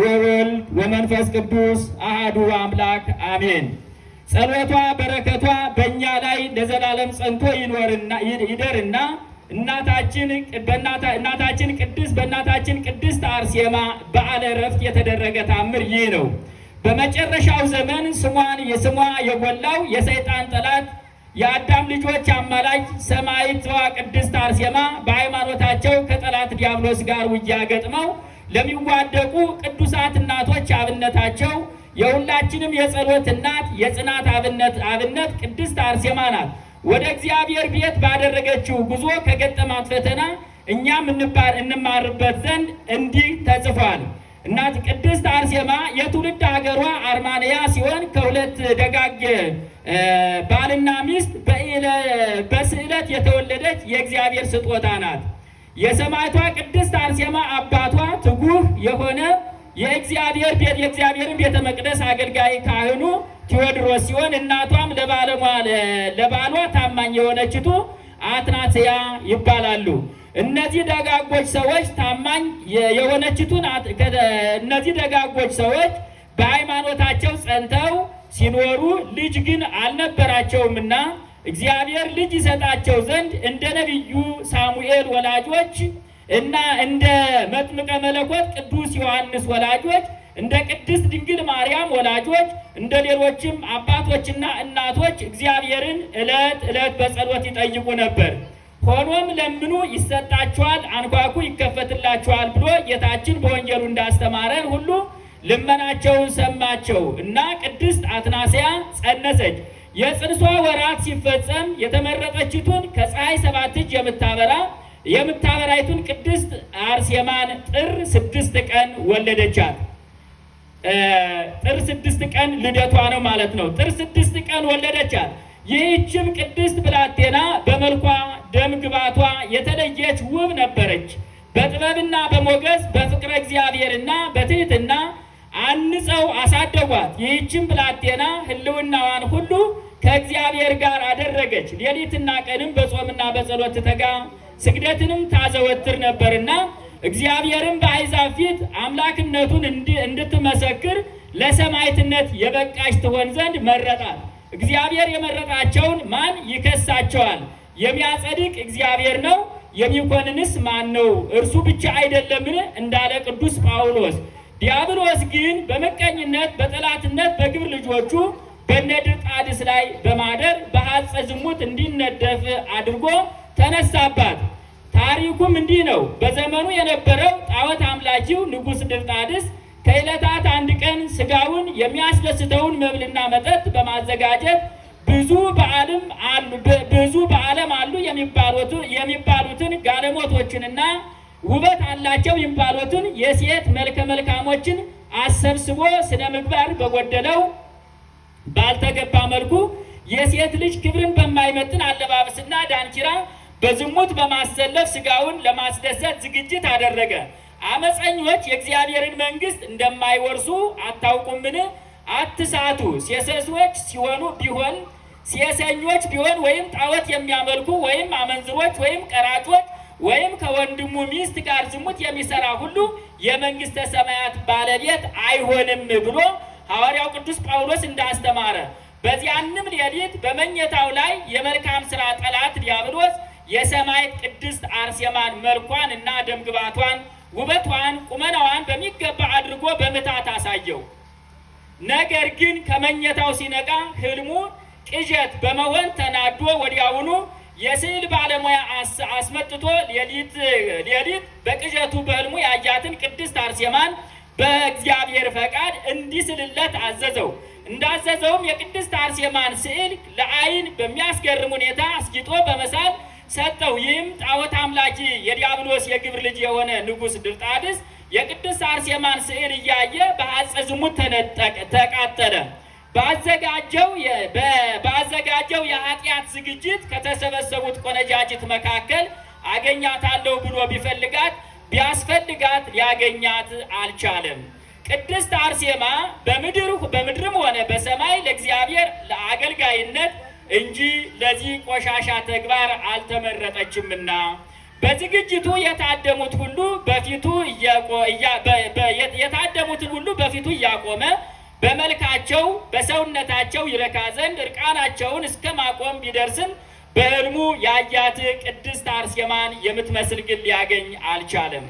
ወወልድ ወመንፈስ ቅዱስ አህዱ አምላክ አሜን። ጸሎቷ በረከቷ በእኛ ላይ ለዘላለም ጸንቶ ይደርና እናታችን ቅድስት በእናታችን ቅድስት አርሴማ በዓለ ዕረፍት የተደረገ ታምር ይህ ነው። በመጨረሻው ዘመን ስሟን የስሟ የጎላው የሰይጣን ጠላት የአዳም ልጆች አማላጅ ሰማዕቷ ቅድስት አርሴማ በሃይማኖታቸው ከጠላት ዲያብሎስ ጋር ውጊያ ገጥመው ለሚዋደቁ ቅዱሳት እናቶች አብነታቸው የሁላችንም የጸሎት እናት የጽናት አብነት አብነት ቅድስት አርሴማ ናት። ወደ እግዚአብሔር ቤት ባደረገችው ጉዞ ከገጠማት ፈተና እኛም እንማርበት ዘንድ እንዲህ ተጽፏል። እናት ቅድስት አርሴማ የትውልድ ሀገሯ አርማንያ ሲሆን ከሁለት ደጋግ ባልና ሚስት በስዕለት የተወለደች የእግዚአብሔር ስጦታ ናት። የሰማዕቷ ቅድስት አርሴማ አባቷ ትጉህ የሆነ የእግዚአብሔር ቤት የእግዚአብሔርን ቤተ መቅደስ አገልጋይ ካህኑ ቴዎድሮስ ሲሆን እናቷም ለባለሟ ለባሏ ታማኝ የሆነችቱ አትናትያ ይባላሉ። እነዚህ ደጋጎች ሰዎች ታማኝ የሆነችቱን እነዚህ ደጋጎች ሰዎች በሃይማኖታቸው ጸንተው ሲኖሩ ልጅ ግን አልነበራቸውምና እግዚአብሔር ልጅ ይሰጣቸው ዘንድ እንደ ነቢዩ ሳሙኤል ወላጆች እና እንደ መጥምቀ መለኮት ቅዱስ ዮሐንስ ወላጆች እንደ ቅድስት ድንግል ማርያም ወላጆች እንደ ሌሎችም አባቶችና እናቶች እግዚአብሔርን ዕለት ዕለት በጸሎት ይጠይቁ ነበር። ሆኖም ለምኑ ይሰጣችኋል፣ አንኳኩ ይከፈትላችኋል ብሎ ጌታችን በወንጌሉ እንዳስተማረን ሁሉ ልመናቸውን ሰማቸው እና ቅድስት አትናስያ ጸነሰች። የጽንሷ ወራት ሲፈጸም የተመረጠችቱን ከፀሐይ ሰባት እጅ የምታበራ የምታበራይቱን ቅድስት አርሴማን ጥር ስድስት ቀን ወለደቻት። ጥር ስድስት ቀን ልደቷ ነው ማለት ነው። ጥር ስድስት ቀን ወለደቻት። ይህችም ቅድስት ብላቴና በመልኳ ደም ግባቷ የተለየች ውብ ነበረች። በጥበብና በሞገስ በፍቅረ እግዚአብሔርና በትህትና አንጸው አሳደጓት። ይህችን ብላቴና ህልውናዋን ሁሉ ከእግዚአብሔር ጋር አደረገች። ሌሊትና ቀንም በጾምና በጸሎት ተጋ ስግደትንም ታዘወትር ነበርና እግዚአብሔርም በአሕዛብ ፊት አምላክነቱን እንድትመሰክር ለሰማዕትነት የበቃች ትሆን ዘንድ መረጣት። እግዚአብሔር የመረጣቸውን ማን ይከሳቸዋል? የሚያጸድቅ እግዚአብሔር ነው፣ የሚኮንንስ ማን ነው? እርሱ ብቻ አይደለምን? እንዳለ ቅዱስ ጳውሎስ ዲያብሎስ ግን በመቀኝነት በጠላትነት በግብር ልጆቹ በነድር ላይ በማደር በአጸ ዝሙት እንዲነደፍ አድርጎ ተነሳባት። ታሪኩም እንዲህ ነው። በዘመኑ የነበረው ጣዖት አምላኪው ንጉሥ ድርጣድስ ከዕለታት አንድ ቀን ስጋውን የሚያስደስተውን መብልና መጠጥ በማዘጋጀት ብዙ በዓለም አሉ ብዙ በዓለም አሉ የሚባሉትን ጋለሞቶችንና ውበት አላቸው የሚባሉትን የሴት መልከ መልካሞችን አሰብስቦ ስነ ምግባር በጎደለው ባልተገባ መልኩ የሴት ልጅ ክብርን በማይመጥን አለባበስና ዳንኪራ በዝሙት በማሰለፍ ስጋውን ለማስደሰት ዝግጅት አደረገ። አመፀኞች የእግዚአብሔርን መንግስት እንደማይወርሱ አታውቁምን? አትሳቱ። ሴሰኞች ሲሆኑ ቢሆን ሴሰኞች ቢሆን ወይም ጣዖት የሚያመልኩ ወይም አመንዝሮች ወይም ቀራጮች ወይም ከወንድሙ ሚስት ጋር ዝሙት የሚሰራ ሁሉ የመንግስተ ሰማያት ባለቤት አይሆንም ብሎ ሐዋርያው ቅዱስ ጳውሎስ እንዳስተማረ በዚያንም ሌሊት በመኝታው ላይ የመልካም ስራ ጠላት ዲያብሎስ የሰማይ ቅድስት አርሴማን መልኳን እና ደምግባቷን ውበቷን፣ ቁመናዋን በሚገባ አድርጎ በምታት አሳየው። ነገር ግን ከመኝታው ሲነቃ ህልሙ ቅዠት በመሆን ተናዶ ወዲያውኑ የስዕል ባለሙያ አስመጥቶ ሌሊት ሌሊት በቅዠቱ በህልሙ ያያትን ቅድስት አርሴማን በእግዚአብሔር ፈቃድ እንዲስልለት አዘዘው። እንዳዘዘውም የቅድስት አርሴማን ስዕል ለአይን በሚያስገርም ሁኔታ አስጊጦ በመሳል ሰጠው። ይህም ጣዖት አምላኪ የዲያብሎስ የግብር ልጅ የሆነ ንጉሥ ድርጣድስ የቅድስት አርሴማን ስዕል እያየ በአጸ ዝሙት ተነጠቀ፣ ተቃጠለ። ባዘጋጀው ባዘጋጀው የኃጢአት ዝግጅት ከተሰበሰቡት ቆነጃጅት መካከል አገኛታለሁ ብሎ ቢፈልጋት ቢያስፈልጋት ሊያገኛት አልቻለም። ቅድስት አርሴማ በምድር በምድርም ሆነ በሰማይ ለእግዚአብሔር ለአገልጋይነት እንጂ ለዚህ ቆሻሻ ተግባር አልተመረጠችምና በዝግጅቱ የታደሙት ሁሉ በፊቱ የታደሙትን ሁሉ በፊቱ እያቆመ በመልካቸው በሰውነታቸው ይረካ ዘንድ እርቃናቸውን እስከ ማቆም ቢደርስም በህልሙ ያያት ቅድስት አርሴማን የምትመስል ግን ሊያገኝ አልቻለም።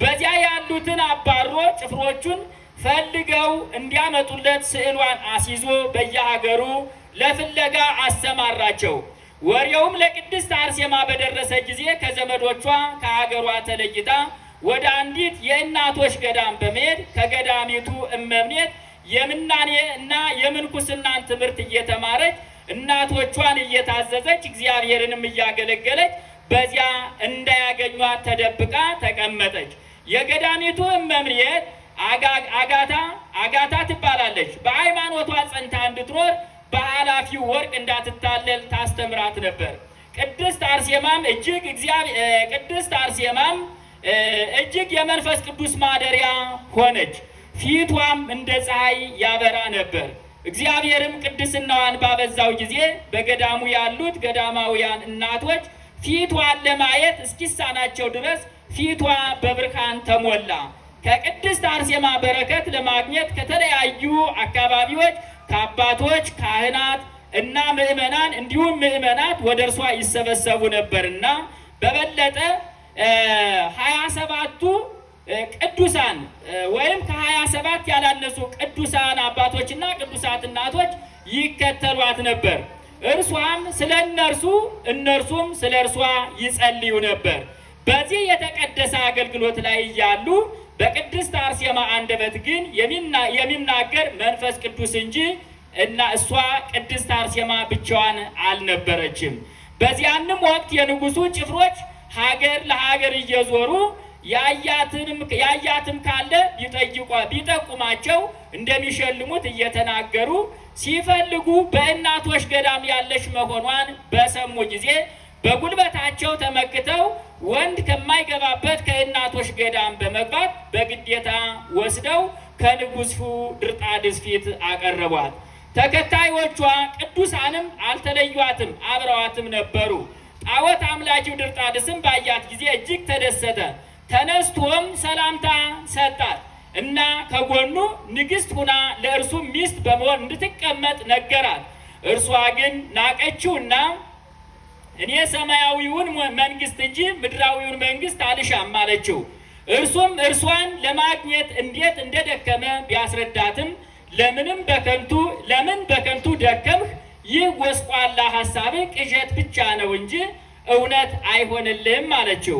በዚያ ያሉትን አባሮ ጭፍሮቹን ፈልገው እንዲያመጡለት ስዕሏን አስይዞ በየሀገሩ ለፍለጋ አሰማራቸው። ወሬውም ለቅድስት አርሴማ በደረሰ ጊዜ ከዘመዶቿ ከሀገሯ ተለይታ ወደ አንዲት የእናቶች ገዳም በመሄድ ከገዳሚቱ እመምኔት የምናኔ እና የምንኩስናን ትምህርት እየተማረች እናቶቿን እየታዘዘች እግዚአብሔርንም እያገለገለች በዚያ እንዳያገኟት ተደብቃ ተቀመጠች። የገዳሚቱ እመምኔት አጋታ አጋታ ትባላለች። በሃይማኖቷ ጸንታ እንድትኖር በኃላፊው ወርቅ እንዳትታለል ታስተምራት ነበር። ቅድስት አርሴማም እጅግ ቅድስት አርሴማም እጅግ የመንፈስ ቅዱስ ማደሪያ ሆነች። ፊቷም እንደ ፀሐይ ያበራ ነበር። እግዚአብሔርም ቅድስናዋን ባበዛው ጊዜ በገዳሙ ያሉት ገዳማውያን እናቶች ፊቷን ለማየት እስኪሳናቸው ድረስ ፊቷ በብርሃን ተሞላ። ከቅድስት አርሴማ በረከት ለማግኘት ከተለያዩ አካባቢዎች ከአባቶች ካህናት እና ምእመናን እንዲሁም ምዕመናት ወደ እርሷ ይሰበሰቡ ነበርና በበለጠ ይከተሏት ነበር። እርሷም ስለ እነርሱ እነርሱም ስለ እርሷ ይጸልዩ ነበር። በዚህ የተቀደሰ አገልግሎት ላይ እያሉ በቅድስት አርሴማ አንደበት ግን የሚናገር መንፈስ ቅዱስ እንጂ እና እሷ ቅድስት አርሴማ ብቻዋን አልነበረችም። በዚያንም ወቅት የንጉሱ ጭፍሮች ሀገር ለሀገር እየዞሩ ያያትም ካለ ቢጠይቋ ቢጠቁማቸው እንደሚሸልሙት እየተናገሩ ሲፈልጉ በእናቶች ገዳም ያለች መሆኗን በሰሙ ጊዜ በጉልበታቸው ተመክተው ወንድ ከማይገባበት ከእናቶች ገዳም በመግባት በግዴታ ወስደው ከንጉሱ ድርጣድስ ፊት አቀረቧት። ተከታዮቿ ቅዱሳንም አልተለዩአትም፣ አብረዋትም ነበሩ። ጣዖት አምላኪው ድርጣድስም ባያት ጊዜ እጅግ ተደሰተ። ተነስቶም ሰላምታ ሰጣት። እና ከጎኑ ንግስት ሁና ለእርሱ ሚስት በመሆን እንድትቀመጥ ነገራት። እርሷ ግን ናቀችውና እኔ ሰማያዊውን መንግስት እንጂ ምድራዊውን መንግስት አልሻም አለችው። እርሱም እርሷን ለማግኘት እንዴት እንደደከመ ቢያስረዳትም ለምንም በከንቱ ለምን በከንቱ ደከምህ? ይህ ጎስቋላ ሀሳብ ቅዠት ብቻ ነው እንጂ እውነት አይሆንልህም አለችው።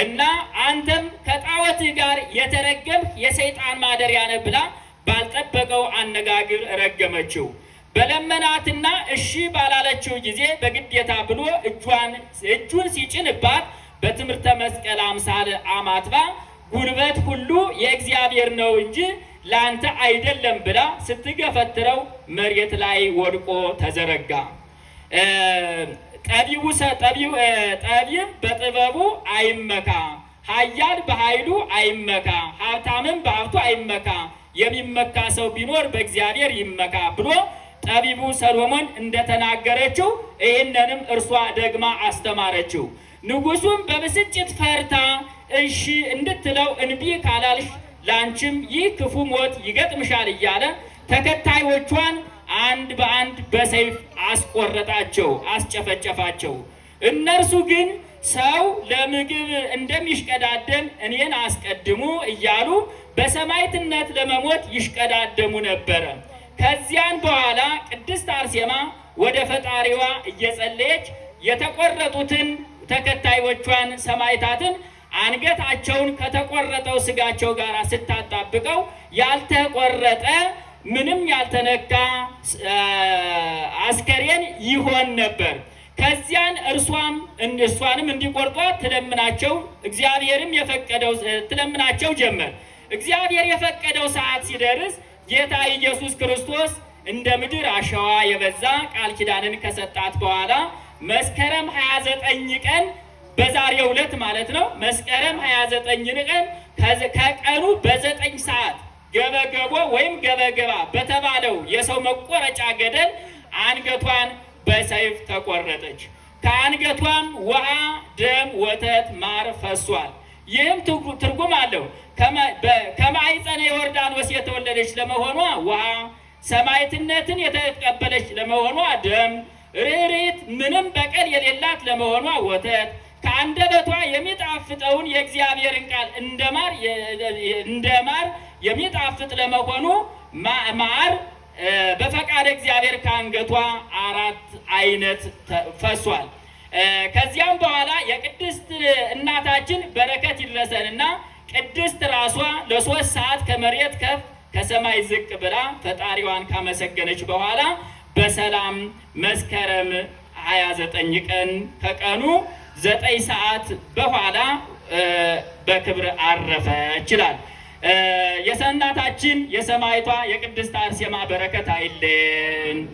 እና አንተም ከጣዖትህ ጋር የተረገምህ የሰይጣን ማደሪያ ነህ ብላ ባልጠበቀው አነጋገር ረገመችው። በለመናትና እሺ ባላለችው ጊዜ በግዴታ ብሎ እጁን ሲጭንባት በትምህርተ መስቀል አምሳል አማትባ ጉልበት ሁሉ የእግዚአብሔር ነው እንጂ ለአንተ አይደለም ብላ ስትገፈትረው መሬት ላይ ወድቆ ተዘረጋ። ጠቢቡ ጠቢብ በጥበቡ አይመካ፣ ኃያል በኃይሉ አይመካ፣ ሀብታምም በሀብቱ አይመካ፣ የሚመካ ሰው ቢኖር በእግዚአብሔር ይመካ ብሎ ጠቢቡ ሰሎሞን እንደተናገረችው ይህንንም እርሷ ደግማ አስተማረችው። ንጉሱም በብስጭት ፈርታ እሺ እንድትለው እንቢ ካላልሽ ላንቺም ይህ ክፉ ሞት ይገጥምሻል እያለ ተከታዮቿን አንድ በአንድ በሰይፍ አስቆረጣቸው፣ አስጨፈጨፋቸው። እነርሱ ግን ሰው ለምግብ እንደሚሽቀዳደም እኔን አስቀድሙ እያሉ በሰማዕትነት ለመሞት ይሽቀዳደሙ ነበረ። ከዚያን በኋላ ቅድስት አርሴማ ወደ ፈጣሪዋ እየጸለየች የተቆረጡትን ተከታዮቿን ሰማዕታትን አንገታቸውን ከተቆረጠው ስጋቸው ጋር ስታጣብቀው ያልተቆረጠ ምንም ያልተነካ አስከሬን ይሆን ነበር። ከዚያን እርሷም እሷንም እንዲቆርጧ ትለምናቸው እግዚአብሔርም የፈቀደው ትለምናቸው ጀመር። እግዚአብሔር የፈቀደው ሰዓት ሲደርስ ጌታ ኢየሱስ ክርስቶስ እንደ ምድር አሸዋ የበዛ ቃል ኪዳንን ከሰጣት በኋላ መስከረም 29 ቀን በዛሬው ዕለት ማለት ነው መስከረም 29 ቀን ከቀኑ በዘጠኝ ሰዓት ገበገቦ ወይም ገበገባ በተባለው የሰው መቆረጫ ገደል አንገቷን በሰይፍ ተቆረጠች። ከአንገቷም ውሃ፣ ደም፣ ወተት፣ ማር ፈሷል። ይህም ትርጉም አለው። ከማዕፀነ ዮርዳኖስ የተወለደች ለመሆኗ ውሃ፣ ሰማይትነትን የተቀበለች ለመሆኗ ደም፣ ርኅራኄት ምንም በቀል የሌላት ለመሆኗ ወተት አንደበቷ የሚጣፍጠውን የእግዚአብሔርን ቃል እንደማር እንደማር የሚጣፍጥ ለመሆኑ ማር በፈቃድ እግዚአብሔር ከአንገቷ አራት አይነት ፈሷል። ከዚያም በኋላ የቅድስት እናታችን በረከት ይድረሰንና ቅድስት ራሷ ለሶስት ሰዓት ከመሬት ከፍ ከሰማይ ዝቅ ብላ ፈጣሪዋን ካመሰገነች በኋላ በሰላም መስከረም 29 ቀን ከቀኑ ዘጠኝ ሰዓት በኋላ በክብር አረፈ ይችላል። የሰናታችን የሰማይቷ የቅድስት አርሴማ በረከት አይልን።